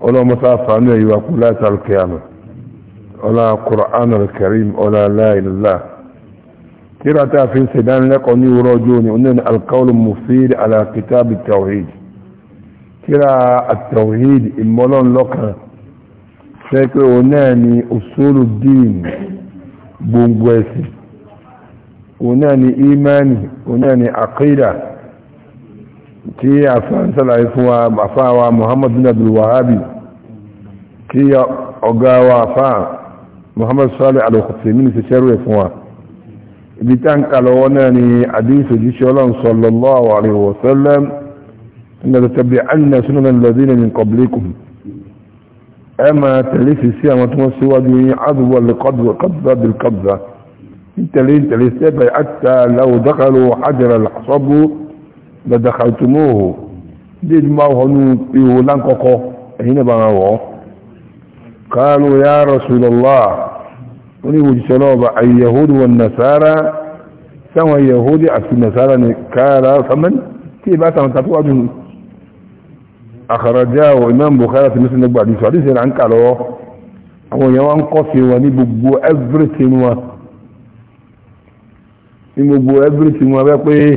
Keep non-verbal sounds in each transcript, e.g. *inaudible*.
ولا متعفانية يقول لا القيامة ولا قرآن الكريم ولا لا إله الله ترى تافين سيدان لقوني وراجوني أننا القول المفيد على كتاب التوحيد ترى التوحيد إمولون لك سيكون هناني أصول الدين بونغويسي هناني إيماني هناني عقيدة تي عسان سلعي فوا عصاوا محمد بن عبد الوهابي تي عقاوا عصا محمد صالح على خطفين من سشير ويفوا بيتان قالونا ني عديث جيشولان صلى الله عليه وسلم ان تتبعنا سنن الذين من قبلكم اما تلف سيا ما تمسي وادي عضو القدر قبضة بالقبضة انت لين تلف حتى لو دخلوا حجر الحصب لدخلتموه ديد ما هنو يولان كوكو هنا بغاو قالوا يا رسول الله ونيوج سلوبة اليهود والنصارى سوى اليهود أكثر النصارى قال فمن تي باتا من تطوع دون أخرجاه إمام بخارة مثل نقبع دي سعدي سير عنك على أو يوان قصي ونبقو everything ونبقو everything ونبقو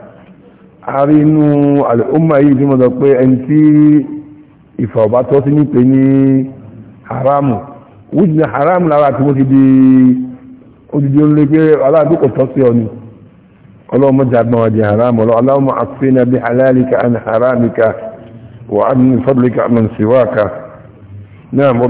àrí inú àlùmọ̀ yìí tí mo sọ pé ẹni tí ìfọ̀bá tọ́ sí ní pé ní haramu wíjì ní haramu lára tí mo ti di odidi olóògbé pé aláàbí kò tọ́ sí ọ ni ọlọ́mọ jàgbọ́n wa di haramu ọlọ́mọ àfihàn bí halálíkà àni haramíkà wà á ní fọ́dúlíkà àmì síwáka náà mọ̀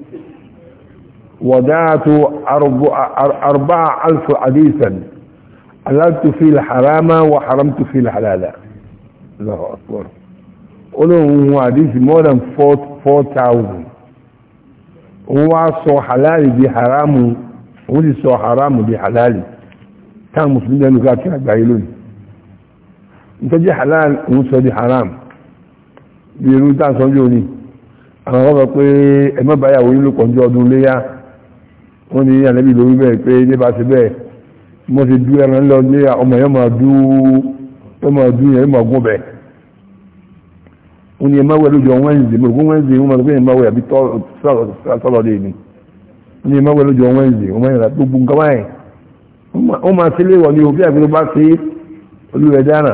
ودعت أربعة ألف حديثا حللت في الحرام وحرمت في الحلال الله أكبر قلوا هو حديث more than 4,000 هو صو حلال دي حرام هو دي حرام دي حلال كان مسلمين لأنه قاعد كنا بعيلون انت دي حلال ومسوى دي حرام بيقولوا تعال صنجوني أنا غضب قوي إما بقى يقولوا لكم دوليا wọ́n ní ànábì lórí bẹ́ẹ̀ pé nípa ṣe bẹ́ẹ̀ mo ti dú ẹran lọ ní ọmọ yẹn máa dú yẹn máa dú yẹn máa gún bẹ́ẹ̀ wọ́n ní ẹ máa wẹ̀ lójọ wẹ́ǹsì mo gún wẹ́ǹsì wọ́n máa pé ẹ máa wẹ̀ àbí sọ́lọ́dẹ̀ mi wọ́n ní ẹ máa wẹ̀ lójọ wẹ́ǹsì wọ́n máa yẹn tó gbun kaba yẹn wọ́n máa ṣe léwọ̀ ní òfin àgbẹ̀rẹ̀ bá ṣe olúwẹ̀ dáná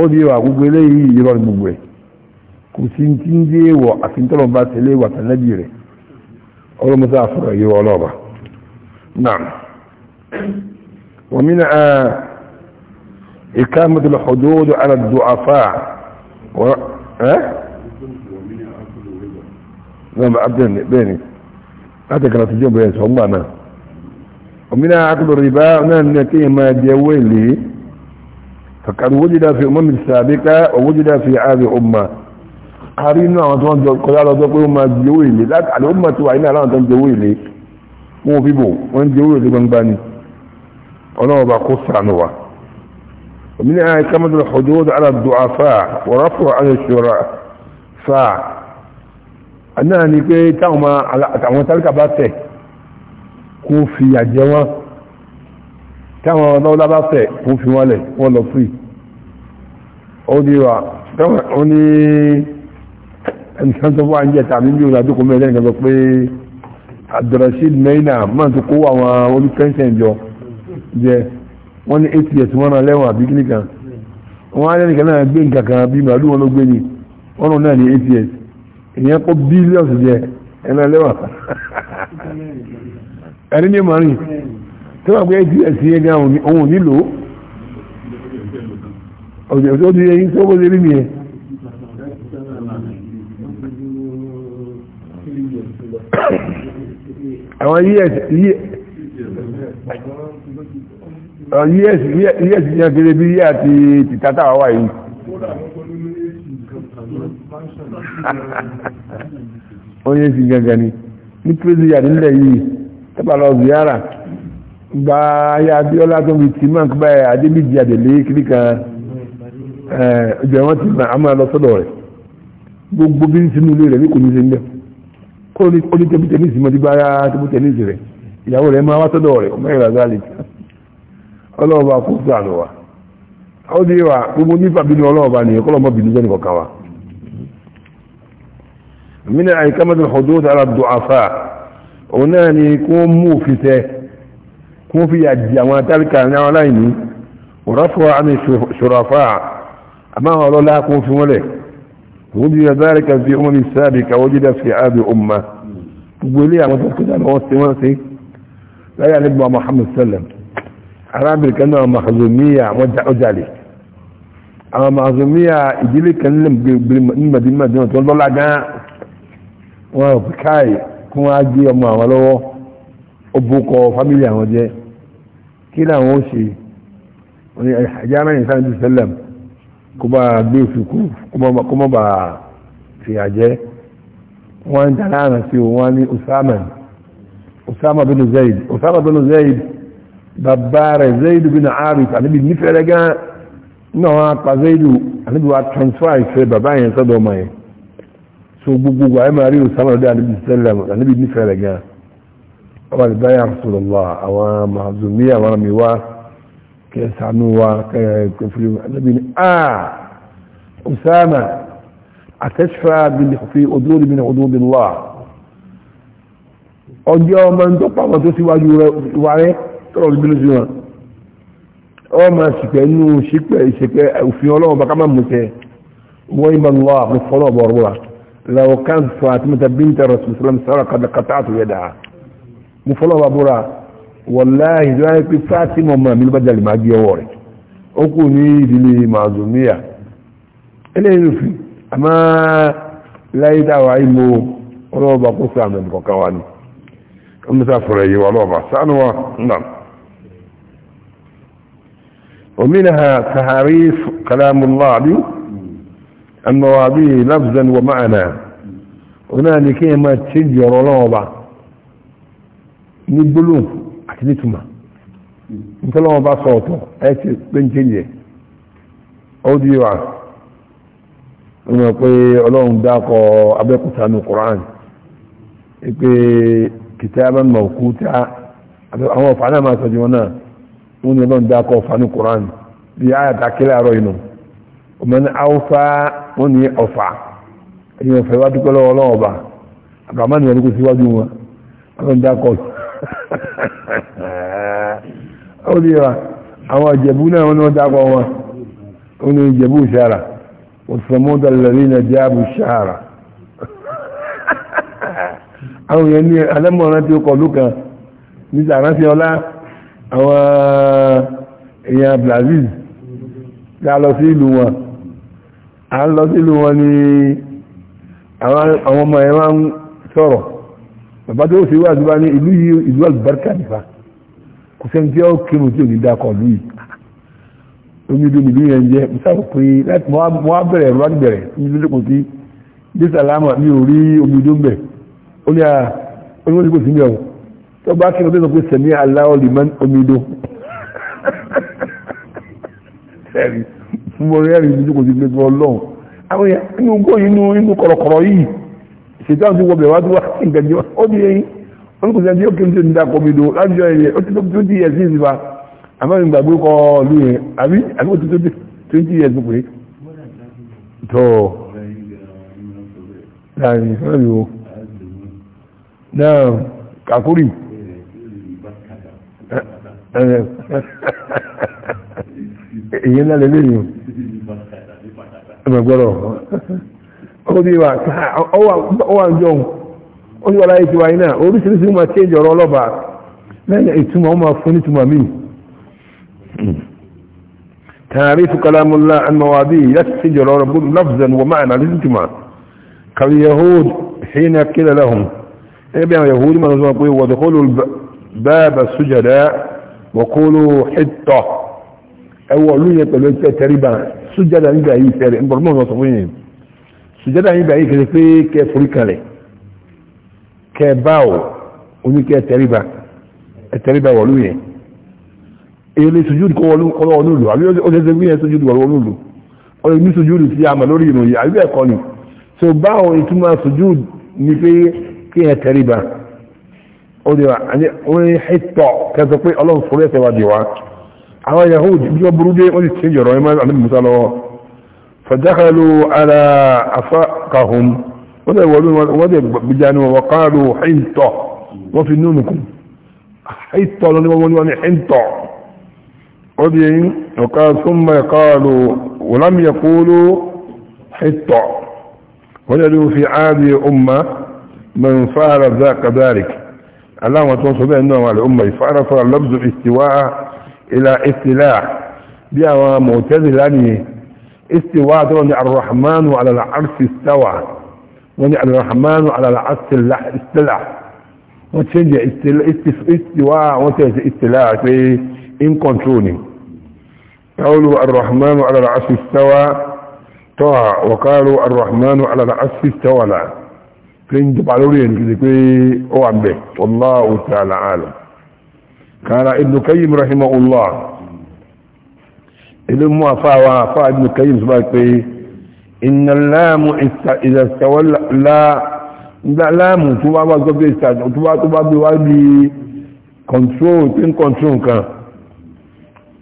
ó di ìwà gbogbo eléyìí ìrọ̀ gbogbo ẹ̀ kò sí ti ń dé wọ̀ àti ń tọ́lọ̀ bá ṣe léwọ̀ àtàlẹ́bì rẹ̀ والمضافر أي ولوبة نعم ومن آه، إقامة الحدود على الضعفاء و... ها؟ آه؟ نعم عبدين بيني هذا كانت الجنب بيني والله نعم ومنها عقل الربا نحن نعم، نتيه ما جوين لي فقد وجد في أمم السابقة ووجد في هذه أمة àrí inú àwọn tó ń jọ kọjá lọ́jọ́ pé ó máa di owó èlé láti àlọ́ mọ̀ tí wà nínú àwọn tó ń jẹ owó èlé wọn ò bíbò wọ́n ń jẹ owó gbangba ni ọlọ́wọ́ bá kó sànù wa òmìnira àwọn ìkámọ́tò ọjọ́ ọdún aládùn afá wọ́rọ́pọ̀ aṣọra fà náà ni pé táwọn àtàwọn tálíkà bá tẹ̀ kó fi àjẹ wọn táwọn ọlọ́wọ́lá bá tẹ̀ kó fi wọn lẹ̀ wọ́n lọ fún ì ó ní wa ó ní ẹnìkan tó wà ń jẹ́ tàbí bí òun àdókò mẹ́rin lẹ́nìkan sọ pé abdulrasheed meina máa tó kó àwọn olùpẹ́ńsẹ̀n jọ ha wọ́n ní eight years wọ́n ha lẹ́wọ̀n àbí kíní kan wọ́n á ha náà gbé nǹkan kan bí màálù wọn ló gbé ni wọ́n náà ní eight years ha kó bílíọ̀sì jẹ ha lẹ́wọ̀n ẹ̀rí ní ha tó wà pé eight years yẹn gan òun ha nílò ha tó ha ha ha tó ha ha ha nìyẹn. àwọn us yẹn kéré bi yẹ́ àti tìtátà wà wáyé onye si gangan ni ní kérésì yà nílẹ̀ yìí tẹ́bà lọ ziyara gba ayé abíọ́lá tó ń bi tìmọ̀ nípa adébíjì àdèlé kiri kan ẹ̀ ọjọ́ ti lọ sọ́dọ̀ rẹ̀ gbogbo bí ń sinú ilé rẹ̀ ní kò ní ń kó o ní tẹ́bù tẹ́nísì mọ́ dígbà tẹ́bù tẹ́nísì rẹ̀ ìyàwó rẹ̀ máa wá sọ́dọ̀ rẹ̀ ọmọ ìrà zálì ọlọ́ọ̀bà kó sàánù wa ó dé wa gbogbo nípa bínú ọlọ́ọ̀bà ni ọkọ́lọ́mọ bínú sẹ́ni kọ̀ọ̀kan wa من عكامة الحدود على الضعفاء هناني كون موفته كون في الجامعة تلك النعلين ورفع عن الشرفاء أما هو لا كون في ملك وجد ذلك في أمم السابقة وجد في عاب أمة تقول لي أما تسكت أنا واسي لا يعني ابن محمد صلى الله عليه وسلم عرابي كانوا مخزومية وجعلي أما مخزومية يجي لي كان بالمدينة مدينة تقول الله جاء وبكاي كما أجي أما ولو أبوكو فاميليا وجي. كلا وشي يعني جامعين صلى الله عليه kó bá gbé ìfikún kó má bàa fìyà jẹ wọ́n ń dáná àrùn sí wọn ní Usama Usama bin Zaid Usama bin Zaid bàbá rẹ̀ Zaid bin Arif àníbi nífẹ̀ẹ́ gan náà wọn apá Zaid àníbi wa transfer ìfẹ́ bàbá yẹn sọ́dọ̀ ọmọ yẹn so gbogbo ayé máa rí Usama lọ́dọ̀ àníbi sẹ́lẹ̀mù àníbi nífẹ̀ẹ́ rẹ̀ gan ọba ìbáyà Rasulullah àwọn mahazumi àwọn mi كيسعنوا كفريوا النبي آه أسامة أتشفى في أدود من حدود الله ọjọ́ ọmọ tó pàwọn tó síwájú wa rẹ̀ tọ́rọ ìbílú sí wọn ọmọ ṣìpẹ̀ inú ṣìpẹ̀ ìṣẹ̀pẹ̀ òfin ọlọ́run bá ká máa mú tẹ wọ́n ìmọ̀ lọ àwọn fọ́lọ̀ bọ̀ rọ́wà lọ́wọ́ káńtù àti mẹ́ta bíntẹ̀ rọ̀ sùsùlọ́m sára kàtàkàtà àtúnyẹ̀dà mú fọ́lọ̀ bá búra wọláyìn tí wọ́n á pè Fatima ọmọ mi ló bá jalè máa gbé ọwọ́ rẹ̀ ó kù ní ìdílé mazumiya eléyìí ló fi àmọ́ láyé táwa ìmọ̀ ọlọ́ọ̀bà kó sọ àmì ẹ̀dùkọ̀kan wa ni ọmọ sáà fọ̀rọ̀ yìí wà lọ́ọ̀bà sánú wa náà ومنها تحريف كلام الله المواضيع لفظا ومعنى هنالك ما تشجر لوضع نبلوه àti nítumà ntọ́lọ́wọ́ bá sọ ọ̀tọ̀ ẹ ti pé ń kéde ó di wa ó mọ̀ pé ọlọ́run dákọ̀ abẹ́kúta ní Qur'an pé kitaban mawquta àwọn ọ̀fà náà máa sọ jù wọn náà wọn ni ọlọ́run dákọ̀ ọ̀fà ní Qur'an bí ayàtà kílẹ̀ àrọ̀ inú ọmọ ní awúfà wọn ni ọ̀fà ẹ̀yìn ọ̀fẹ́ wá dúpẹ́ lọ́wọ́ ọlọ́run ọba àbàmánìyàn ló kó síwájú wọn ọlọ́run dákọ̀ ó ní wa àwọn ìjẹ̀bú náà wọ́n ni wọ́n dápọ̀ wọn ó ní ìjẹ̀bú ìṣàrà òsàmúdà lẹ́rìnà jáàbù ṣàrà *laughs* àwọn èèyàn ní alẹ́mọ̀ràn tí ó kọ̀ lókan ní sàrántí ọlá àwọn èèyàn Brazil tá a lọ sí ìlú wọn à ń lọ sí ìlú wọn ní àwọn ọmọ ẹ̀ máa ń sọ̀rọ̀ bàbá tó sì wà ní ìlú yìí ìlú àlùbáríkà nìfà kò sẹ́ni tí ó kírun tí ò ní dákọ̀ lù yìí omidu nìlú yẹn jẹ́ musáfù pé láti mọ́ á bẹ̀rẹ̀ ẹ̀rọ àgbẹ̀rẹ̀ omidu lókun sí dísàlámà mi ò rí omidu ń bẹ̀ ó ní à oníwọ́n ti kò sí mi ọ̀hún tó bá kí ọdún sọ pé sẹ̀mí aláwọ̀ lè mọ́ omidu ẹ̀rí mo rí ẹ̀rí omidu kò sí pé fún ọlọ́run àwọn èèyàn inú gbóyè inú kọ̀rọ̀kọ̀rọ̀ yìí ṣètò àwọn tí wọ́n bẹ̀rẹ̀ wá tó wá sí ìgbàjọ́ ó di eyín wọ́n kò sẹ́ni yóò kí n tó ní dákọ̀ mi dò lájọ ẹ̀yẹ ó ti tó twenty years sí ìsìnbá àmọ́ ìgbàgbé kọ́ ọ̀lú yẹn àbí àbí ó ti tó twenty years pé tó láàrin sọ́rọ̀ yìí o náà kàkúrì èyí ńlá lélẹ́ yìí ẹ̀mẹ̀gbọ́rọ̀ ọkọ̀ tí wà ọwà jọun ó لا láyé tiwa iná oríṣiríṣi ó máa change ọ̀rọ̀ ọlọ́ba lẹ́yìn ìtumọ̀ ó máa fún تعريف كلام الله عن مواضيع يستجر ربنا لفظا ومعنى قال كاليهود حين كلا لهم يبيع يهود ما نزمقوا ودخلوا الباب السجداء وقولوا حطة أولون يقولون تريبا سجداء يبقى يسير انبرمون وصفين سجداء يبقى يكذفين كيف ركالي kẹbáwò oníkẹ́ ẹ̀tẹ̀ríba ẹ̀tẹ̀ríba wọ̀lú yẹn èyí lè sojúdù kọ́ wọlé olùlù àbí ó lè sẹ́gbé yẹn sojúdù wọlé olùlù ó lè ní sojúdù sí àmà lórí ìròyìn àbí bẹ́ẹ̀ kọ́ ni so báwo ìtumọ̀ sojúdù ni pé kí ẹ tẹ̀ríba ó lè wọ́n ní hẹ́tọ̀ kẹsọ pé ọlọ́run sọ lẹ́sẹ̀ wájú wa àwọn Yahudi bí wọ́n burú dé wọ́n ti ṣe jọ̀rọ̀ ẹ̀ máa ní musa lọ́wọ́ fàjákàlù ara afákàhùn وقالوا حنطة وفي نومكم حنطة والأولون حنطة وقال ثم قالوا ولم يقولوا حنطة وجدوا في عادي أمة من فعل ذاك ذلك اللهم تنصر بها النوم على الأمة فعرف اللبز استواء إلى استلاع بها موتد لأنه استواء الرحمن وعلى العرش استوى ونعم الرحمن على العصر wọ́n tí ó jẹ́ istiwa wọ́n tí ó jẹ́ istilá قالوا الرحمن على العصر استوى طوى وقالوا الرحمن على العصر استوى لا فين تبعلولين كذلك او به والله تعالى عالم قال ابن كيم رحمه الله ابن موافا وفا ابن كيم سبقه إن اللام إذا استولى لا لا لام تبا وقبل استاد تبا تبا بوالي كنترول تن كنترول كان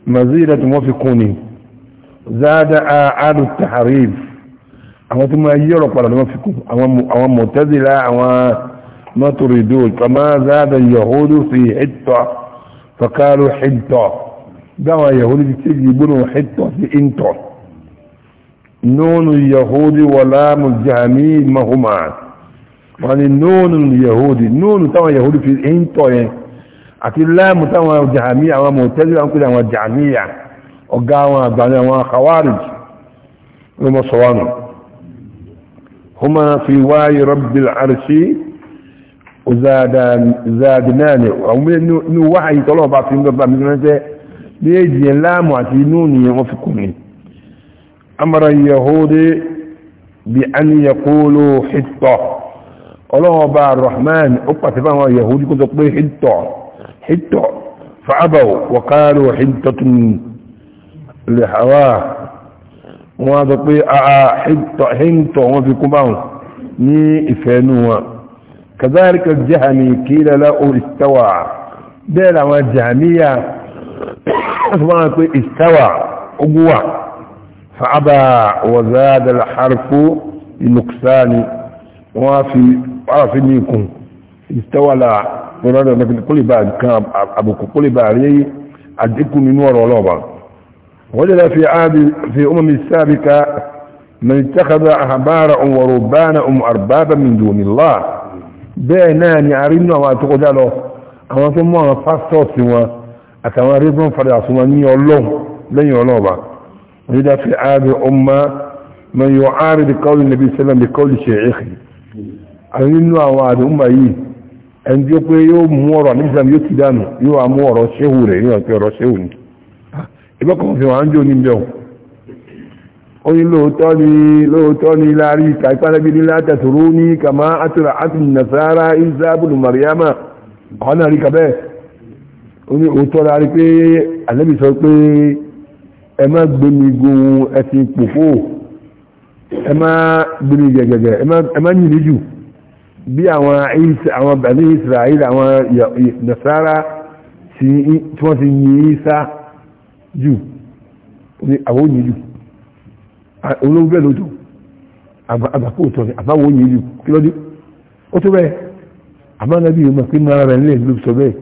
مزيدة موفقوني زاد آعاد التحريف أما ثم يرق ولا موفقون أما متزلة أما ما تريدون كما زاد اليهود في حتة فقالوا حتة دوا يهود يجيبون حتة في انتو نون اليهود ولام الجهمي ما هما يعني نون اليهود نون تاو يهود في الان توين àti láàmù táwọn jàmí àwọn mọ̀tẹ́lẹ̀ àwọn kúrò àwọn jàmíyà ọgá àwọn àgbàlẹ̀ àwọn khawarij ló mọ́ sọ́wọ́nù huma fi wáyé rabbil arṣi zadinani àwọn inú wáyé tọ́lọ̀ bá fi ń bá mi ránṣẹ́ méjì láàmù àti inú nìyẹn wọ́n fi kùnrin أمر اليهود بأن يقولوا حطة الله أبا الرحمن أبت فهو اليهود كنت أقول طيب حطة حطة فأبوا وقالوا حطة لحواه وماذا قلت طيب، آه، آه، حطة حطة وفيكم ني إفانوا كذلك الجهمي كيل لا استوى دي لما الجهمية *coughs* أسمعنا طيب استوى قبوة فعبى وزاد الحرف لنقصان وفي عرف منكم استولى قرار لكن كل بعد كان أبوك كل بعد أدئكم من نور ولوبا وجد في عاد في أمم السابقة من اتخذ أحبارا وربانا أم أربابا من دون الله بينان يعرفنا ما تقول له أما ثم فاستوسوا أتواريبهم فلا من الله لن يولوبا وإذا في عام أمة من يعارض قول النبي صلى الله عليه وسلم بقول شيخه àwọn nínú àwọn àdúgbà yìí ẹni tí ó pé yóò mú ọ̀rọ̀ nígbàmí yóò ti dánù yóò àmú ọ̀rọ̀ ṣéhù rẹ̀ ní ọ̀pẹ́ ọ̀rọ̀ ṣéhù ní ìgbọ́kàn fi wọ́n ń jò ní bẹ̀rùn ó ní lóòótọ́ ni lóòótọ́ ni láàrí kàípálábí ní látàtòrò ní kàmá àtúrà àtúrà nàṣàrà ìsáàbùlù mariama ọ̀nà rí kàbẹ́ ó ní òótọ́ láàrí pé àlẹ́bì sọ pé ẹ má gbẹmí gun ẹsìn pòfó ẹ má gbẹmí gẹ̀gẹ̀gẹ̀ ẹ má nyìlí jù bí àwọn àwọn bàbá Israel àwọn nasara tí wọ́n ti yin isa jù àwọn ò yin jù olówó bẹ́ẹ̀ lójú àbàkù òtọ́ ni àbáwọ̀ yin jù kí lọ́dún ó tó bẹ́ẹ̀ àmọ́ nàbí yìí mọ̀ pé mara rẹ̀ nílẹ̀ ló sọ bẹ́ẹ̀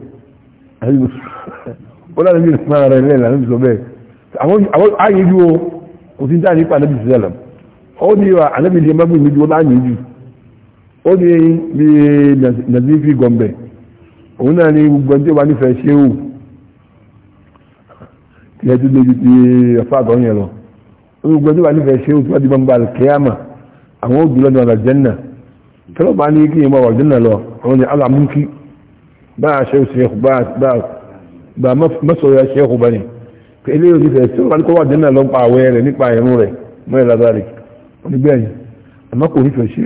*laughs* ó lára bí mara rẹ̀ nílẹ̀ ló sọ bẹ́ẹ̀ àwọn àyíjú o kò sí dáa nípa anábì sílẹ̀ ó ní wa anábì lè mọ́gbìn méjì ó láyíjú ó ní bí nàìjíríà gọ̀m̀bẹ̀ òun náà ní gbogbo ẹni tí ó wà nífẹ̀ẹ́ ṣe ó kí ẹ tún lójú ti ọ̀fà àtọ̀ yẹn lọ ó ní gbogbo ẹni tí ó wà nífẹ̀ẹ́ ṣe ó tí wọ́n ti gbọ́ngbà kíámà àwọn ó dúró ní ọ̀nà jẹ́nà tọ́lọ́ bá ní kí ìmọ̀ ọ̀jẹ́nà lọ àwọn ni alámúkí bá a ṣe ó ṣe bá a mọ́sọ̀rọ̀ ṣe é kó bá ní ilé òbí fẹ̀ tí ó wà ní kọ́wà dínà lọ pa àwẹ̀ rẹ̀ nípa ẹ̀rùn rẹ̀ mọ́ ẹ̀rọ adáre onígbẹ̀yìn àmọ́ kò nífẹ̀ẹ́ sí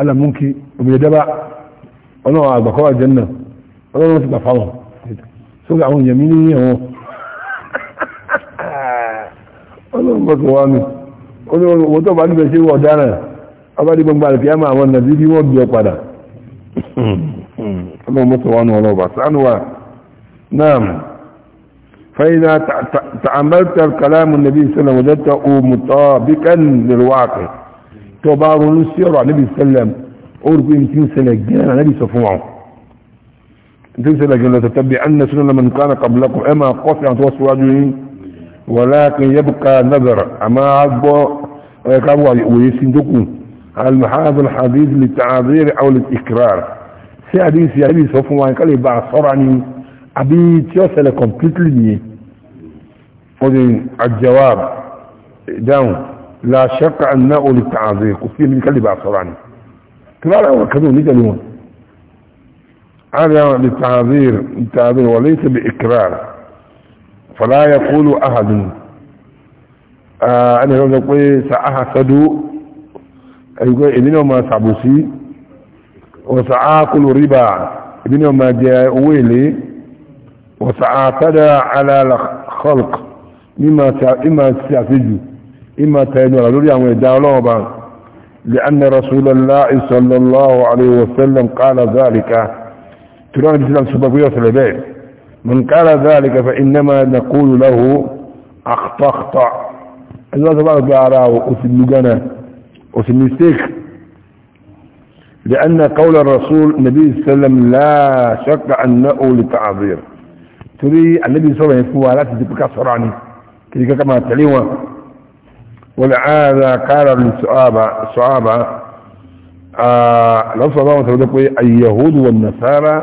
alamúnkí obìnrin dábà ọlọ́run àgbà kọ́wà dínà ọlọ́run ti gbà fáwọn sókè àwọn èèyàn mi ní ẹ̀wọ̀n ọlọ́run bọ̀ sọ wá mi ọlọ́run wọ́n tó bá nífẹ̀ẹ́ sí wọ́n dára ọba dí gbogbo àlùfíà máa wọn nàbí bí wọ́n gbé padà ọlọ́run bọ̀ sọ wá nù ọlọ́run bá sánú wa náà فإذا تعملت الكلام النبي صلى الله عليه وسلم وجدته مطابقا للواقع تبارك نسير على النبي صلى الله عليه وسلم سنة يمكن على النبي صفوعه يمكن سنجان لتتبعن سنة من كان قبلكم أما قصي عن توصل وجهه ولكن يبقى نظر أما عبا ويكابوا ويسندكم المحاذ الحديث للتعذير أو للإكرار سيدي سيدي يا نبي صفوعه قال لي صرعني àbí tí ó ṣẹlẹ̀ completely nìyẹn ọdún àjẹwàb ìdáhùn la ṣẹ́kà ná olè tààzẹ̀ kò sí èmi kálíbà sọ́ra ni tí wọ́n rẹ̀ wọ́n kẹ́lẹ́ oníjẹ̀lú wọn هذا للتعذير التعذير وليس بإكرار فلا يقول أحد آه أنا يقول سأحسد يقول إذن ما سعبسي وسأكل ربا إذن ما جاء ويلي وتعاقدا على الخلق مما إما تعتجو إما تهدو على لوريا ويدالوبا لأن رسول الله صلى الله عليه وسلم قال ذلك ترون بسلام سبقية البيت من قال ذلك فإنما نقول له أخطأخطأ الله سبحانه وتعالى أسمجنا أسمستيك لأن قول الرسول النبي صلى الله عليه وسلم لا شك أنه لتعذير torí ànábì sọ̀rọ̀ yẹn fún wa láti di píkà sọ̀rọ̀ ni kìí kẹ́kẹ́ máa tẹ̀lé wọn wọ́n ààrẹ kára lè sọ́àbà lọ́sọ̀ bá wọn sọ̀rọ̀ pé ayyahudu wa nasara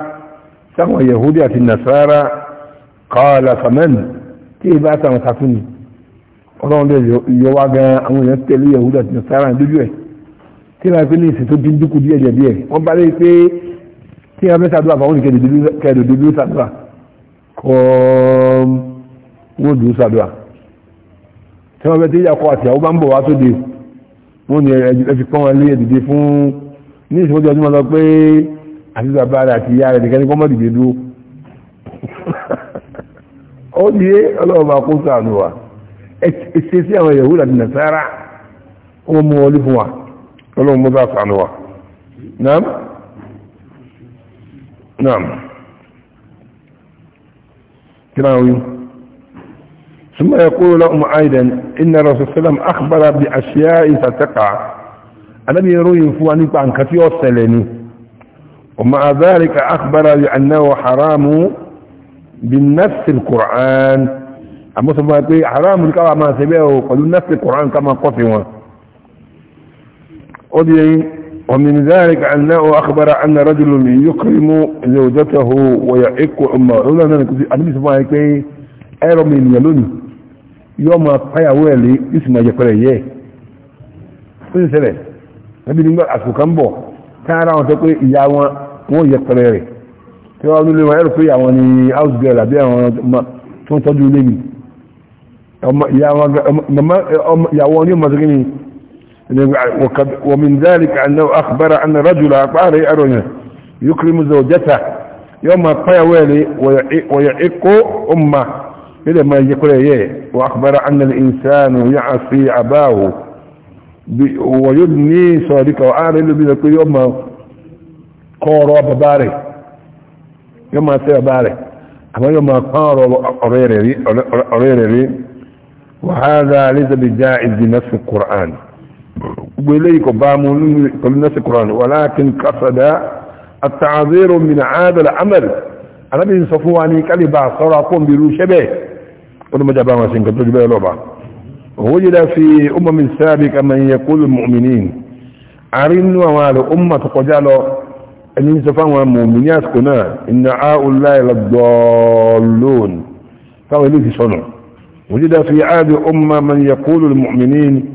sáwọn yahudi àti nasara kọ́ọ̀lá samen tí ì bá sàwọn sàtún ni ọlọ́run lè yọ wá gan àwọn èèyàn tẹ̀lé yahudi àti nasara lójú ẹ̀ tí wọ́n fi ní ìsìn tó díẹ̀ díẹ̀ wọ́n bá rí pé tí wọ́n fẹ́ sàdúrà fáwọn ìkẹ́dùdú sàdúrà kọ́ um, wọ́n dùn sàdúrà tí wọ́n bẹ tí ìyàkọ́ àti àwọn bá ń bọ̀ wá tó dé wọ́n ní ẹfi pọ́n wọn lé ẹ̀dìdì fún ní ìṣòwòjọ́ ọdún lọ pé àti bàbá rẹ̀ àti ìyá rẹ̀ nìkan ní kọ́mọ́ dìde dúró ó di ọlọ́ọ̀bà kó sàánú wa ẹ̀ṣẹ̀ sí àwọn Yahuda àti Nasara wọ́n mú wọlé fún wa ọlọ́run mọ́ sàánú wa naam naam كراوي ثم يقول لهم أيضا إن الرسول صلى الله عليه وسلم أخبر بأشياء ستقع الذي يروي فوانيك عن كثير السلاني ومع ذلك أخبر بأنه حرام بالنفس القرآن أما ثم يقول حرام كما ما سبيه قالوا نفس القرآن كما قصوا قضي ومن ذلك أنه أخبر أن رجل يكرم زوجته ويعق أمه أولا أنه يسمى هيكي أيرو من يلوني يوم أطيع ويلي يسمى يكريه فين سنة نبي نقول أسكو كمبو كان رأوا تقول إياوا مو يكريه تقول أولي ويرو في يعواني أوز جيلا بي أولا تنتجو لي أما يعواني أما يعواني أما وقد ومن ذلك أنه أخبر أن رجل أقاري يكرم زوجته يوم الطيوالي ويعق أمه إذا ما يقول إيه وأخبر أن الإنسان يعصي أباه ويبني صادقه وأنا اللي بيقول يوم قارو بباري يوم أسير بباري أما يوم قارو أريري وهذا ليس بجائز بنفس القرآن ولي قبامون قبل نفس القرآن ولكن قصد التعذير من هذا العمل أنا بنصفواني كلبا صراقون بلو شبه ولما جابا ما سنك تجبه لعبا وجد في أمم سابقة من يقول المؤمنين أرنوا وعلى أمة قجالوا أن ينصفان المؤمنين اسكنا إن هؤلاء الضالون فهو إليه صنع وجد في عاد أمة من يقول المؤمنين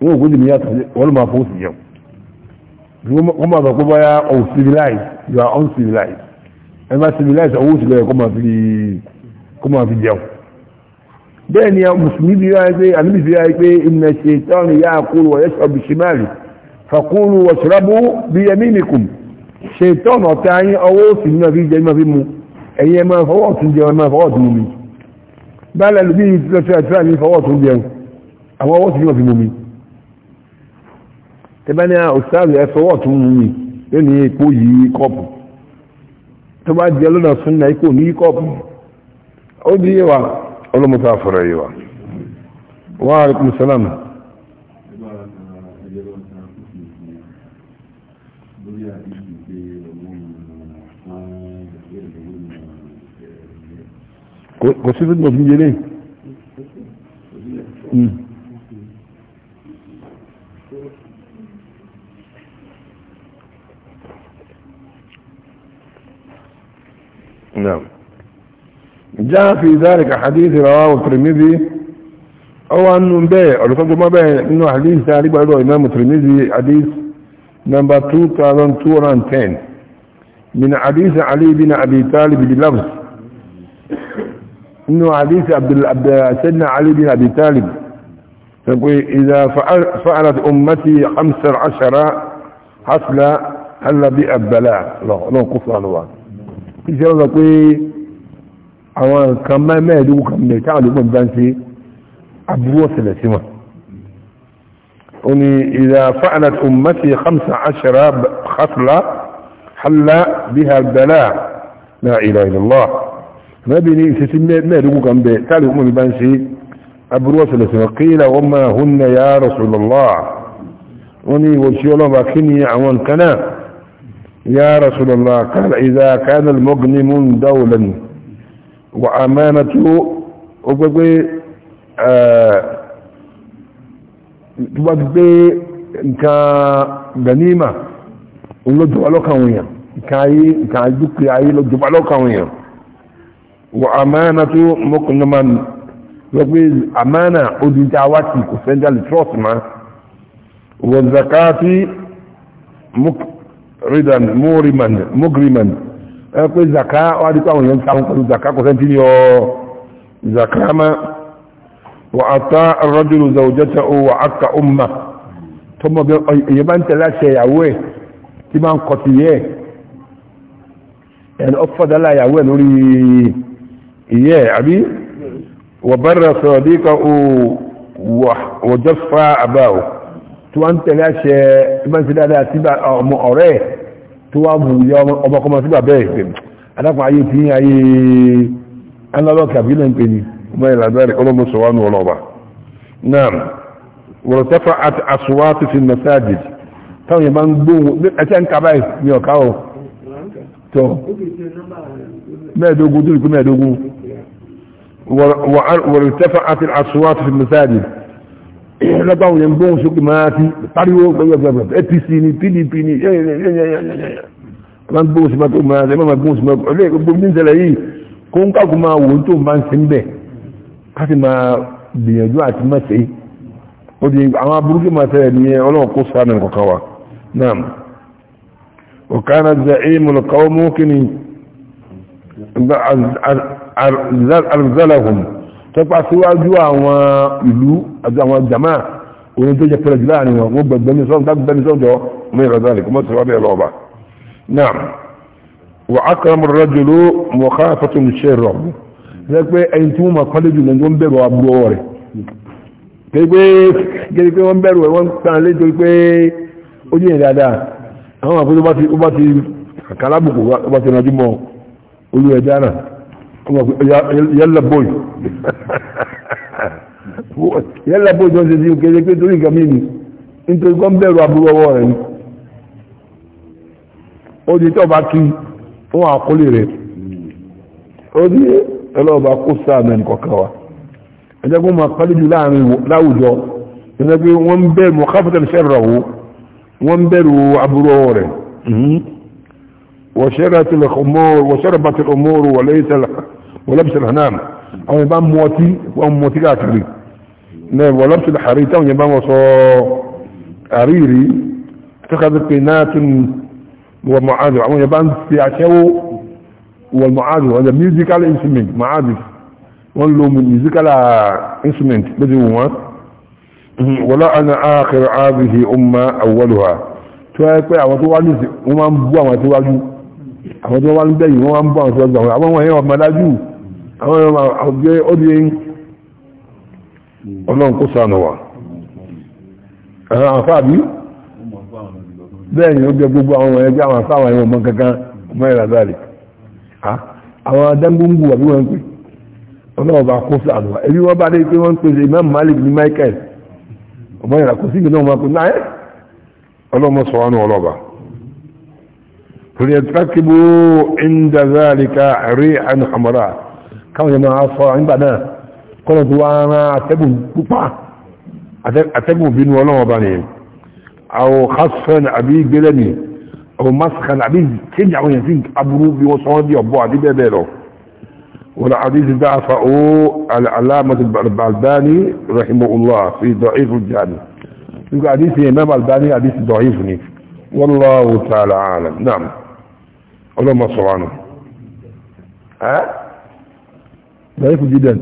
wọn ò gbọ́dọ̀ mi yàtọ̀ wọ́n máa fọ́ sí yẹn wọ́n máa sọ pé báyà ọ̀ civilized you are uncivilized ẹ máa civilized owó sì bẹ̀rẹ̀ kó máa fi kó máa fi jẹun bẹ́ẹ̀ ni mùsùlùmí bí wáyé pé àníbi fi wáyé pé ìmọ̀ ṣe tọ́ni yá àkúrò wọ̀nyẹ́ sọ bìṣímàlì fàkúrò wọ̀ṣọ́rọ́bù bí ẹmí nìkùn ṣe tọ́nà ọ̀tá yín ọwọ́ fi jẹ fi mu ẹ̀yin ẹ máa fọwọ́ tún jẹun máa fọwọ́ tún mu mi bá lẹ́nu bí ìtúlọ́tún àti láàmì fọwọ́ tún jẹun àwọn ọwọ́ sì náà fi mu mi tẹ́bá ní ọ̀sáàlù ah, ẹ̀fọ́wọ́ tún mú mi yóò ní epo yìí kọ́ọ̀pù tó bá di ọlọ́dà fún ní epo ní kọ́ọ̀pù ó di yé wa ọlọ́mọta fọ̀rọ̀ yé wa wa alaikum salam. kò sí fún mi ò fi yé lẹ́yìn. نعم جاء في ذلك حديث رواه الترمذي او انه او الرسول ما بين انه حديث ثالث بعده امام الترمذي حديث نمبر 2210 من حديث علي بن ابي طالب بلفظ انه حديث عبد سيدنا علي بن ابي طالب يقول اذا فعل فعلت امتي خمس عشر حصل هل بأبلاء لا لا كفر عنوان iṣẹ́ wọn sọ pé àwọn nǹkan mẹ́ẹ̀ẹ́dógún kan mẹ́ẹ̀ táwọn olùkọ́ bá ń ṣe aburú ọ̀sẹ̀lẹ̀ sí wọn ó ní ìlà fa'alat ummati khamsa ashara khasla halla biha bala la ilaha illallah rabi ni ìṣẹ́sí mẹ́ẹ̀ẹ́dógún kan bẹ́ẹ̀ táwọn olùkọ́ bá ń ṣe aburú ọ̀sẹ̀lẹ̀ sí wọn qila wa ma hunna ya rasulallah ó ní ìwòsí ọlọ́ba kí ni àwọn nǹkan náà يا رسول الله قال إذا كان المغنم دولا وأمانته أقول تبقى آه، كغنيمة ولدوا كاي كاي دوك ياي وأمانته مقنما يقول أمانة أدي دعواتي كسنجل تروس ما والزكاة ridan muriman mugriman ẹ pé zaka wá dípò àwọn èèyàn sáwọn pẹ̀lú zaka kò sẹ́ntì ní ọ zaka ma wà ata rajulu zawjata o wà aka umma tọmọ bí èyàn bá ń tẹ̀lé àṣẹ ìyàwó ẹ̀ tí máa ń kọ sí yẹ ẹ̀ ọ ìyàwó ẹ̀ lórí ìyẹ́ àbí wà bára sadiqa o wà jaffa abahu tó wá ń tẹ̀lé àṣẹ ìbánisẹ́ dáadáa sí uh, ọmọ ọ̀rẹ́ tó wá bù yọ ọmọkọmọ sígbà bẹ́ẹ̀ pé adákùn ayé tí ayé analọ́kà bí lẹ́n pè ní ọmọ ìlàdárì ọlọ́mọsọ wa nù ọlọ́ba náà wọ̀rọ̀ tẹ́fà àti àṣùwá ti fi masajid táwọn yẹn bá ń gbóhùn ẹ̀ṣẹ́ ń kaba ẹ̀ ní ọ̀ká o tó mẹ́ẹ̀dógún tó lè kú mẹ́ẹ̀dógún wọ̀rọ̀ tẹ́fà àti àṣùwá fi masajid lọ́pàá òun yẹn ń bóun sókè máa ti pariwo gbẹgbẹgbẹ APC ni PDP ni máa ń bóun sókè máa tó máa ṣe máa bóun sókè máa ọdún ẹ̀kọ́ gbogbo ní ìṣẹ̀lẹ̀ yìí kó ń káàkó máa wò tó máa ń ṣe ń bẹ̀ ká sì máa gbìyànjú àti má ṣe ó di àwọn aburúkú máa ṣẹlẹ̀ ní ọlọ́run kó sánà kọ̀ọ̀kan wa náà ọ̀kánà za'imu lọ́kọ́ mú kí ni arzaláhùn tọ́pá síwájú àwọn ìlú àti àwọn jama orin tó jẹ pẹ̀lẹ̀ jù láàrin wọn wọ́n gbẹ̀gbẹ̀mí sọ́n dábẹ̀mí sọ́n jọ mú ìrọ̀dá rẹ̀ kó mọ́ síwájú ẹ̀rọ ọba náà wà á kàrà mọ̀rọ̀ mọ̀ká fọ́tún ṣe rọ̀ jẹ́ pé ẹni tí wọ́n máa kọ́lé jù lẹ́nu wọ́n bẹ̀rù àbúrò rẹ̀ kéde pé wọ́n bẹ̀rù wọ́n tàn lé torí pé ó jẹ́ ìrìn dáadáa àwọn àpótí ti kàlábùkù ó bá ti rànjú mọ́ olú ẹ̀dá náà yalla boy yalla boy tó ń ṣe sí kéde pé torí nǹkan mímu nítorí kan bẹ̀rù aburú ọwọ́ rẹ̀ ni ó di tó bá kí fún àkólé rẹ̀ ó di ọlọ́ọ̀bá kó sáà mẹ́rin kọ̀ọ̀kan wa ẹjẹ́ kó máa pálí jù láàrin láwùjọ ẹjẹ́ pé wọ́n ń bẹ̀rù mọ̀káfẹ́tẹ̀ ṣẹ́rọ̀ wo wọ́n bẹ̀rù aburú ọwọ́ wọ́n ṣẹ́rọ̀ tilẹ̀ ọmọ wọ́n ṣẹ́rọ̀ bàtẹ̀ ọmọ wọ́n lẹ́yìn tẹ́lẹ̀ ولبس الهنام او يبان موتي او موتي كاكري ولبس الحرير او يبان وصو عريري اتخذ قينات ومعادف او يبان في عشو والمعادل هذا ميوزيكال انسمنت معادف ولو من ميوزيكال انسمنت بدون ولا انا اخر هذه امه اولها tó ẹ pé àwọn tó wá ní wọ́n máa ń bú àwọn tó wájú àwọn tó wá ń bẹ̀yìn wọ́n máa ń bú àwọn tó wájú àwọn wọ̀nyẹn ọmọdájú àwọn ọmọ àwùjẹ́ ọdún yẹn ọlọ́run kó sànà wà àwọn àfáàbí bẹ́ẹ̀ ó jẹ gbogbo àwọn ọmọ ẹgbẹ́ àwọn àfáàwà ẹ̀wọ̀n kankan àwọn adágbóngbò wọ́n ń pè ọlọ́run bá kó wà ẹbí wọ́n bá dé pé wọ́n ń pè sí Imam Malik ní Michael ọmọ ìrà sí ìgbìnà ọlọ́mọ sọ ọlọ́ba káwọn yẹn máa sọ nígbà náà kọ́nà tó wá rán atẹ́gùn púpà atẹ́gùn bínú ọlọ́wọ́ bá ní àwọn hasfen àbí gbélẹ́ni àwọn maskan àbí kéjì àwọn yẹn sí aburú bí wọ́n sọ bí ọ̀bọ àbí bẹ́ẹ̀ bẹ́ẹ̀ lọ wọn àdí ti dá afa ó alámọ̀tì balbani rahimahullah fi dọ̀ífù jáde nígbà àdí ti yẹn mẹ́bà balbani àdí ضعيف جدا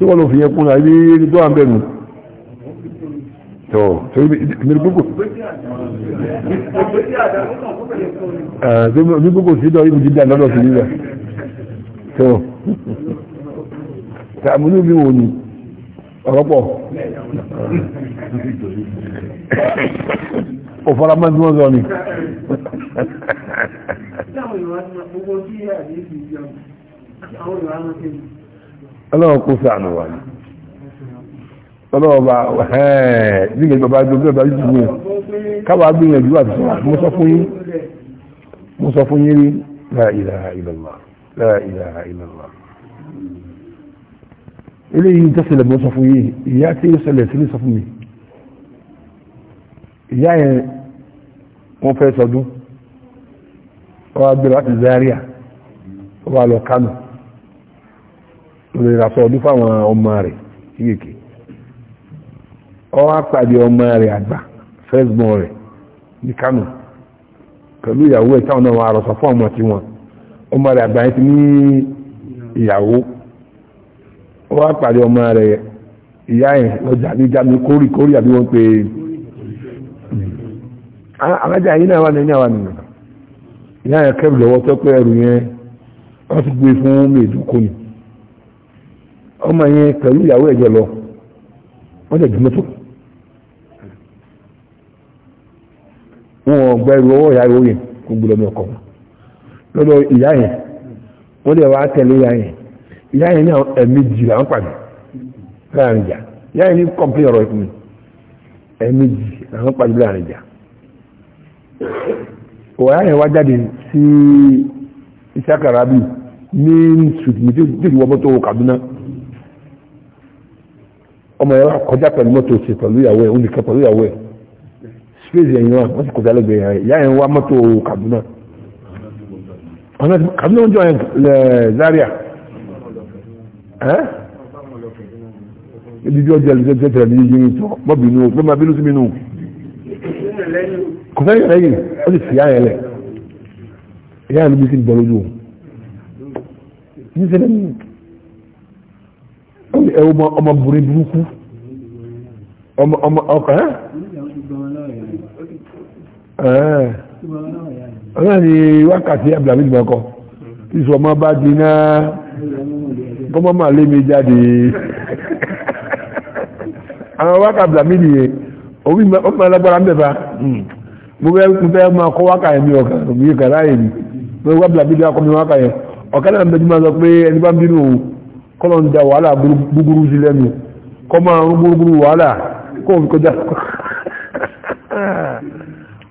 سوالو في يكون عبيد دوان بينه تو نربوكو اه نربوكو في ضعيف جدا لا لا في ذا تو تعملوا بيوني ربو وفرمان دوان زوني ọlọ́run kó sànù wà ní ọlọ́run bá ẹ̀ẹ́ nígbà tí bàbá gbogbo ọba yìí gbogbo káwàá gbìyànjú àti sọ̀rọ̀ mo sọ fún yín mo sọ fún yín rí la ilaha illallah la ilaha tẹ́sílẹ̀ mo sọ fún yín ìyá tí ó ṣẹlẹ̀ sílé sọ fún mi lè ràṣọ ọdún fáwọn ọmọ rẹ̀ yíyèké ọwọ́ àpàdé ọmọ rẹ̀ àgbà fẹ́sbọ̀n rẹ̀ ní Kánò pẹ̀lú ìyàwó ẹ̀ táwọn náà wà rọ̀ṣọ̀ fún ọmọ tí wọn ọmọ rẹ̀ àgbà yẹn ti ní ìyàwó ọwọ́ àpàdé ọmọ rẹ̀ ìyá yẹn lọ́jà ní jáde kórì kórì àbí wọ́n pe ah, alájà yìí náà wà ní àwọn ènìyàn ìyá yẹn kẹ́rù lọ́wọ́ tó pé ẹrù yẹn wọ́n ti gbé fún mẹ́ẹ̀dúkọ́ ni ọmọ yẹn pẹ̀lú ìyàwó ẹ̀jẹ̀ lọ wọ́n jẹ̀ jùmọ́tò wọn gba ẹrù ọwọ́ ìyá ìwò yẹn kò gbúdọ̀ ní ọkọ̀ lọ́dọ̀ ìyá yẹn wọ́n lè wá tẹ̀lé ìyá yẹn ìyá yẹn ní ẹ̀mí jì là ń pàdé láàrin ìjà ìyá yẹn ní kọ́mpé ọ̀rọ̀ ìpín ẹ̀mí jì là ń pàdé láàrin ìjà ọ̀yá yẹn wá jáde sí iṣẹ́ ní sùtìmí tó ti wọ́pọ̀ tó Kaduna ọmọ ẹ̀rọ kọjá pẹ̀lú mọ́tò sí pẹ̀lú ìyàwó ẹ̀ olùkẹ́ pẹ̀lú ìyàwó ẹ̀ space ẹ̀yìn wa wọ́n sì kọjá lẹ́gbẹ̀ẹ́ yẹn ìyá yẹn wá mọ́tò Kaduna Kaduna ń jọ yẹn Zaria ibi bí ọjà lùdẹ́ tẹ̀tẹ̀ ní iye yìí tọ́ mọ́ bínú pé máa bínú sí bínú kò sẹ́yìn lẹ́yìn ó sì fìyà yẹn lẹ̀ ìyá yẹn ló bí sí ìgbọ́ lójú ní sẹ́yìn ẹ wo ọmọ bùrẹ́ burúkú ọmọ ọmọ ọkọ ẹ. ọ̀nà ni wákàtí abdulhamid mọ́kọ́ tí sọ ọmọ bá di náà kọ́mọ́ máa lé mi jáde àwọn wákà abdulhamid yẹn omi ọmọ alágbára ń bẹ̀ bá mo fẹ́ mo fẹ́ máa kọ́ wákà yẹn mi ọ̀kà mi kàrá yẹn mi mo fẹ́ wákà abdulhamid akọ́ mi wákà yẹn ọ̀kadà ń bẹ́jú máa sọ pé ẹni bá ń bínú òun kọ́lọ̀ ń da wàhálà búburú sí lẹ́nu kọ́ máa ń búburú wàhálà kó fi kọjá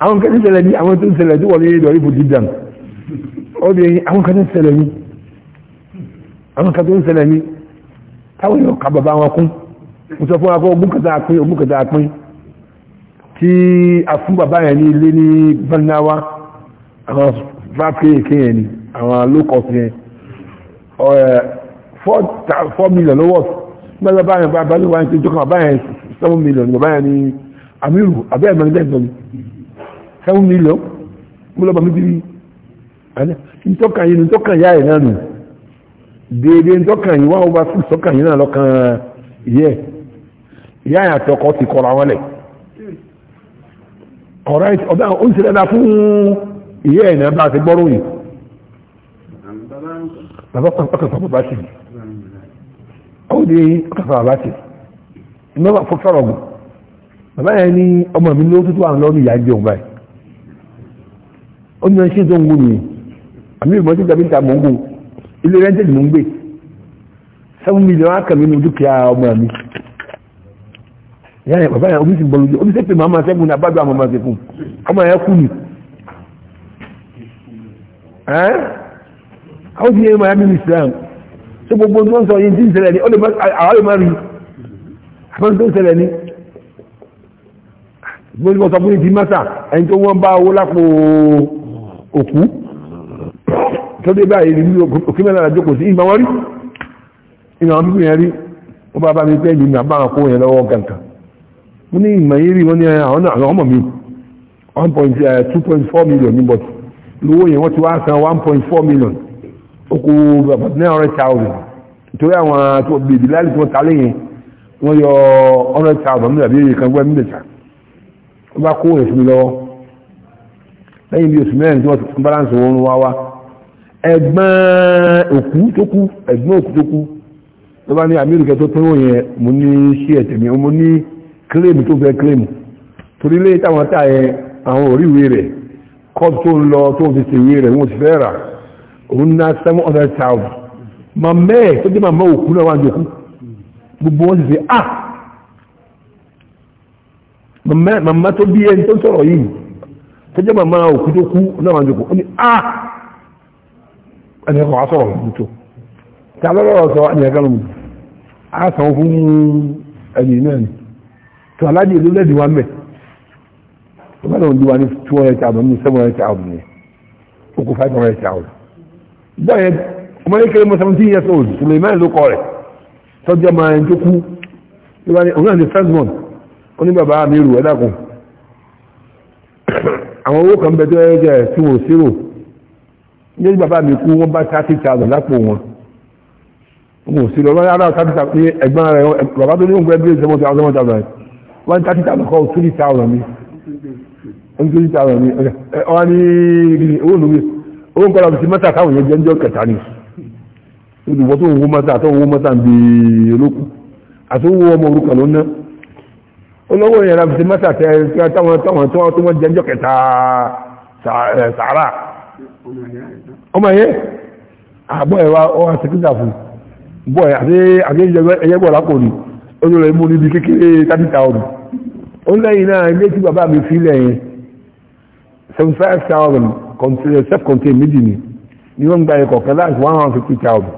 àwọn kẹ́tí ṣẹlẹ̀ ní àwọn tó ń ṣẹlẹ̀ tí wọ́n ní lọ́rí bò dídàm obìnrin àwọn kẹ́tí ṣẹlẹ̀ ní táwọn èèyàn ka bàbá wọn kún wa pé ogún kẹta àpín ogún kẹta àpín four million lọ́wọ́ mẹ́lẹ́ báyẹn bá balẹ̀ wáyé tí jọ́kàn báyẹn seven million bá báyẹn ní amiru abẹ́ ẹ̀mẹ́rin dẹ́gbọ̀n seven million mo lọ́ba mi bíbí ntọ́kàn yìí ntọ́kàn yá ẹ̀ náà nù déédé ntọ́kàn yìí wọ́n wá fún ntọ́kàn yìí náà lọ́kàn yẹ ìyá yà tọkọ ti kọ́ra wọn lẹ̀ ọ̀rẹ́ ọ̀dà ó ń ṣe dáadáa fún ìyá ẹ̀ náà bá a ti gbọ́rọ̀ yìí bàbá kan pàkàtà bàbá sì yìí ó dé kàfàrà bá tẹ̀ iná bá fọ́ fẹ́rọ̀ gùn bàbá yẹn ní ọmọ mi ló tútù àwọn lọ́rùn ìyá jẹun báyìí ó ní wọn ṣe tó ń gùn mi àmì ìbọn tí tàbí ta mò ń gùn ilé rẹ́ńtẹ̀lì mò ń gbé seven million akàmì ní dúkìá ọmọ mi yáyẹ bàbá yẹn obìsí bọ́lú jẹ́ obìsí pé màá máa sẹ́gun ní abájọ́ àmọ́ máa sẹ́kùn ọmọ yẹn kú ni ẹ́ àwọn ti yẹ tí gbogbo tó ń sọ yìí tí ń ṣẹlẹ̀ ní àwọn lè má rí àwọn tó ń ṣẹlẹ̀ ní gbogbo sọ fún ìdí mẹ́ta ẹni tó wọ́n bá owó lápò òkú tó dé báyìí rí òkú mẹ́ta àjọ kò sí ìgbà wọ́n rí ìgbà wọn pípín yẹn rí wọ́n bá bá mi pẹ́ ìgbìmọ̀ àbá àwọn kó yẹn lọ́wọ́ kankan mo ní ìmọ̀ yìí rí wọ́n ní ah, àwọn ọmọ mi one eh, million ní bọ́tù lówó yẹn wọ́n ti wá san one million oko nine hundred thousand torí àwọn tó bèbí láì tó ta lẹ́yìn wọ́n yọ hundred thousand mílíọ̀nù àbí èyí kan gbọ́ mílíọ̀nù ta wọ́n bá kó èsì mi lẹ́yìn bí oṣù mẹ́rin wọ́n balance wọn wá wá ẹ̀gbọ́n òkú tó kú ẹ̀gbọ́n òkú tó kú tó bá ní amílùkẹ́ tó tó yẹn mo ní ṣí ẹ̀tẹ̀ mi mo ní kílèmù tó fẹ́ kílèmù torí lẹ́yìn táwọn táyẹ àwọn òríwé rẹ̀ kọ́ tó ń lọ tó ń fi ṣèwé rẹ̀ wọ́n ti fẹ́ rà òun ná seven hundred thousand màmá ẹ̀ tó dé màmá òkú náà wà jòkú gbogbo wọn sì fi ah! à màmá tó bí ẹni tó ń sọ̀rọ̀ yìí tó jẹ́ màmá òkú tó kú náà wà jòkú ó ní à ah! ẹni kan wà sọ̀rọ̀ lóto tá lọ́rọ̀ sọ ẹni kan lóto á sàn fún ẹni náà ni tó aládìí ló lẹ́dìí wa mẹ́ tó bá lọ́wọ́ di wa ní two hundred thousand ní seven hundred thousand ní ó five hundred thousand bẹ́ẹ̀ ọmọ mọ́ 17 years old Suleiman ló kọ rẹ̀ tọ́jú ọmọ ẹni tó kú òun àti first month ó ní mi rù ẹ́dàkùn àwọn owó kan bẹ́ẹ̀ tó tí wọ́n sírò ní bàbá mi kú wọ́n bá 30,000 lápò wọn wọn sí lọ lọ́yà aláwọ̀ 30,000 ní ó ń kọ́ra bìtì mẹ́ta káwọn yẹn jẹ́ ń jọ kẹta ni olùwọ́ tó ń wo mẹ́ta tó ń wo mẹ́ta ń bi olókù àti owó ọmọ orúkọ ló ná olówó yẹn ra bìtì mẹ́ta tẹ táwọn táwọn tó wọ́n jẹ́ ń jọ kẹta sàárà ọmọ yẹn àbọ̀ ẹ̀ wa ọ́ àtẹ̀kíjà fún bọ̀ ẹ̀ àti àgéjẹ ẹ̀yẹ́gbọ̀ lápò ni olùrẹ̀ mú níbi kékeré tábìtà ọ̀dù ó lẹ́yìn náà ilé tí bàbá mi fi lẹ́yìn seventy five thousand self-contained méjì ni ni wọ́n ń gba ẹ̀kọ́ kan láti one hundred fifty thousand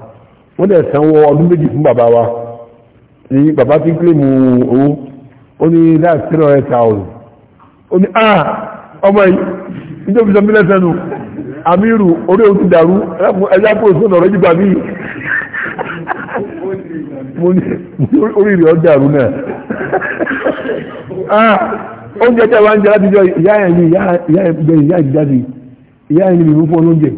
wọ́n dẹ̀ sanwó ọdún méjì fún bàbá wa ní bàbá tí ń kílè mú owó ó ní láti three hundred thousand ó ní ah ọmọ yìí nítorí sọ mílẹ̀ sẹ́nu amíru orí òun ti dàrú ẹja kúrò sódò ọ̀rọ̀ jùgbà mí mo ní orí rẹ̀ ọ́ dàrú náà ah oúnjẹ tí a bá ń jẹ láti jọ ìyá ẹ̀ ní ìyá ẹ̀ bẹ̀rẹ̀ ìyá ìjáde ìyá ẹni mi fún ọlọ́jẹ̀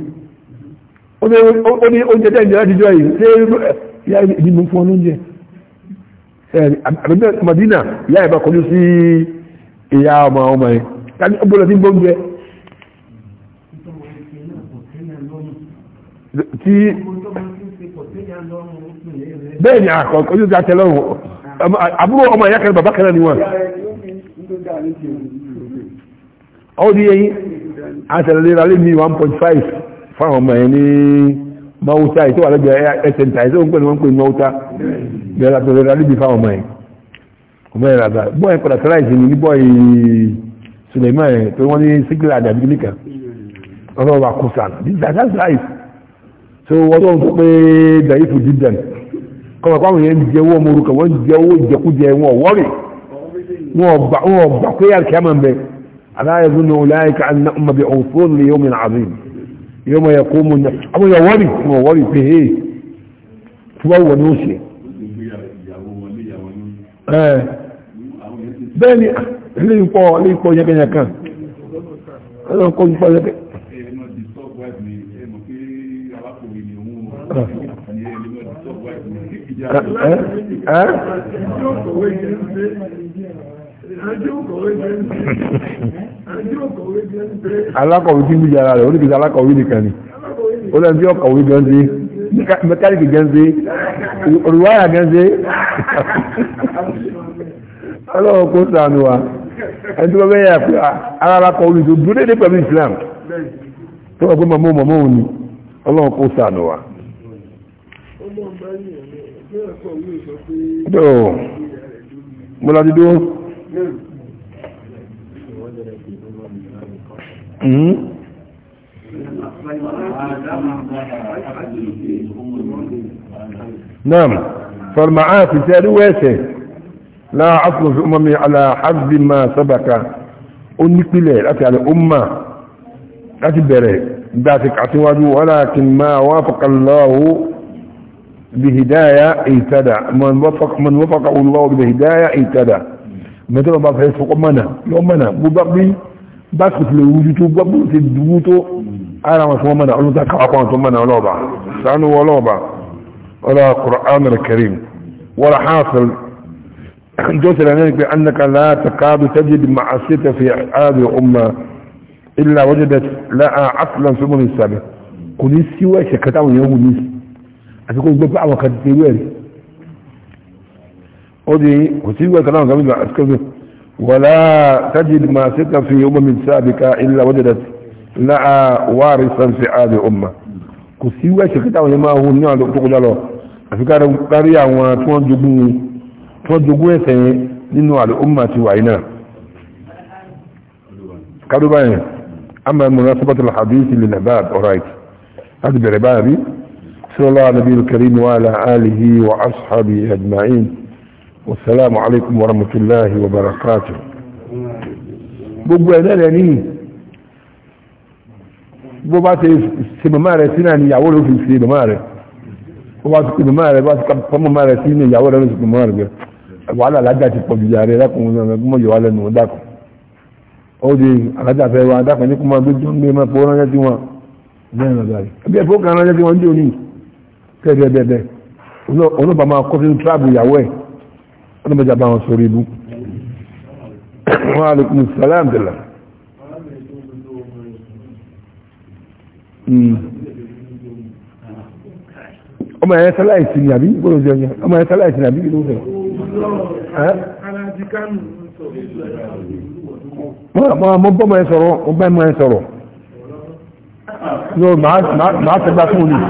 ó ní oúnjẹ tẹ́ ìjọ láti jọ yìí ṣé ìyá ẹni mi fún ọlọ́jẹ̀ àbẹ̀bẹ̀ Madina ìyá ẹ̀bá kọjú sí ìyá ọmọ ọmọ ẹ̀ tàbí ó bọ́lọ̀ sí gbóúnjẹ bẹ́ẹ̀ ni àkọ́kọ́ yóò ti àtẹ́lọ́rùn àbúrò ọmọ ìyá kẹrin bàbá kẹrin ni wọ́n ó di ẹyin àtẹ̀lẹ́ra lè ní 1.5 fáwọn ọmọ ẹ̀ ní mawuta ìtọ́wà lẹ́gbẹ̀ẹ́ ẹsẹ̀ntà ìtọ́wà pẹ̀lú wọn pè ní mawuta bẹ̀rẹ̀ àtẹ̀lẹ́ra lè bí fáwọn ọmọ ẹ̀ ọmọ ẹ̀ rádà bọ́ ẹ̀ padà sára ìsinmi ní bọ́ Suleiman ẹ̀ tó wọ́n ní sígìlà àdàbí níkà ọlọ́wà kùsàn that's life so wọ́n tó ń sọ pé dàí fún dídàn kọ́mọ̀ pàwọn yẹn jẹ́ owó morukà wọ́n jẹ́ owó ìjẹkújẹ wọn wọ́rì wọn ọ̀gbà pé àkíyàmọ̀ bẹ́ẹ̀ ألا يظن أولئك أنهم بعوصون ليوم عظيم يوم يقوم الناس أبو يوري يوري في إيه تبوى نوسي bẹ́ẹ̀ni ilé ìpọ̀ ilé ìpọ̀ yẹ́kẹ́yẹ́kẹ́ ọlọ́pọ̀ ìpọ̀ yẹ́kẹ́ ẹ́ ẹ́ alákọ̀wé tí ń gbìyànjú ara rẹ̀ oníkìsí alákọ̀wé nìkan ni ó lẹ́nu tí ọkọ̀wé gan ṣe mẹkáníkì gan ṣe olùwárà gan ṣe ọlọ́run kó sànù wa ẹni tí wọ́n bẹ́ yà pé ara alákọ̀wé tó dúró dédé pẹ̀lú Islam tó wà pé màmú màmú òun ni ọlọ́run kó sànù wa. ọmọ ọba yìí ẹ̀rọ ẹgbẹ́ ẹ̀kọ́ òun sọ pé. نعم نعم فالمعافي تالي واسع لا عصر في أممي على حد ما سبك أنك بليل أتي على أمة أتي بريل ذاتك اعتواجه ولكن ما وافق الله بهداية اهتدى من وفق من وفقه الله بهداية اهتدى mẹ́tọ́ bá fẹ́ fọ́kọ́ mọ́nà yọ mọ́nà gbogbo bí báṣkìtì lè wújú tó gbogbo ti dúró tó ara wọn fún mọ́nà ọlọ́ta káwọn tó mọ́nà ọlọ́ọ̀bà sánú ọlọ́ọ̀bà ọlọ́ Qur'an al-Karim wọ́n hasil jọ́sẹ̀ rẹ̀ ní pé annaka la takadu tajid ma'asita fi ààbẹ̀ umma illa wajadat la'a aslan fi mun sabi kò ní síwọ́ ìṣẹ̀kẹta àwọn yẹn wù ní àti kò gbogbo àwọn kan ti wẹ̀rẹ̀ ودي وسيوة كلام قبل أسكبه ولا تجد ما ست في أمم سابقة إلا وجدت لها وارثا في هذه الأمة كسيوة شكتا وما هو نوع تقول له أفكار قرية وتوجبوا توجبوا سنة لنوع الأمة وعينا قالوا بقى أما مناسبة الحديث للعباد أورايت هذا بربابي صلى الله على النبي الكريم وعلى آله وأصحابه أجمعين والسلام عليكم ورحمة الله وبركاته gbogbo ẹ̀dẹ́ rẹ̀ ní bó bá ti ṣe mọ̀má rẹ̀ sí náà ni ìyàwó rẹ̀ fi ṣe mọ̀má rẹ̀ bó bá ti ṣe mọ̀má rẹ̀ bá ti kọ́ mọ̀má rẹ̀ sí ní ìyàwó rẹ̀ fi ṣe mọ̀má rẹ̀ wàhálà alájà ti pọ̀ jùlọ rẹ̀ lákùnrin náà mọ̀ yọ̀ wá lẹ́nu dákun ó di alájà fẹ́ wa dákun ní kó máa gbé jọ́ngbé máa pọ̀ ránṣẹ́ sí wọn bẹ́ẹ̀ náà dárí ẹbí ẹ̀fọ́ kan ránṣẹ́ sí wọn dé òní kẹ́ẹ̀dẹ́ bẹ́ẹ̀ bẹ́ẹ̀ olóòbá wọ́n mẹ́jà bá wọn sórí ibú wọ́n alaikum salam dìlà hmm. ọmọ ẹ̀yẹ sáláìsì ni àbí gbọ́dọ̀ jẹ́ ọ̀yẹ́ ọmọ ẹ̀yẹ sáláìsì ni àbí ìlú fẹ́ mo bọ́ mọ́ ẹ sọ̀rọ̀ mo bá mọ́ ẹ sọ̀rọ̀ yóò máa tẹ́gbà fún mi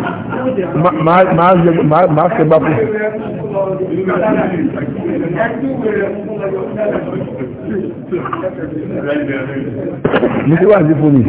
máa ṣe bá fún mi. mo ti wá sí fún mi.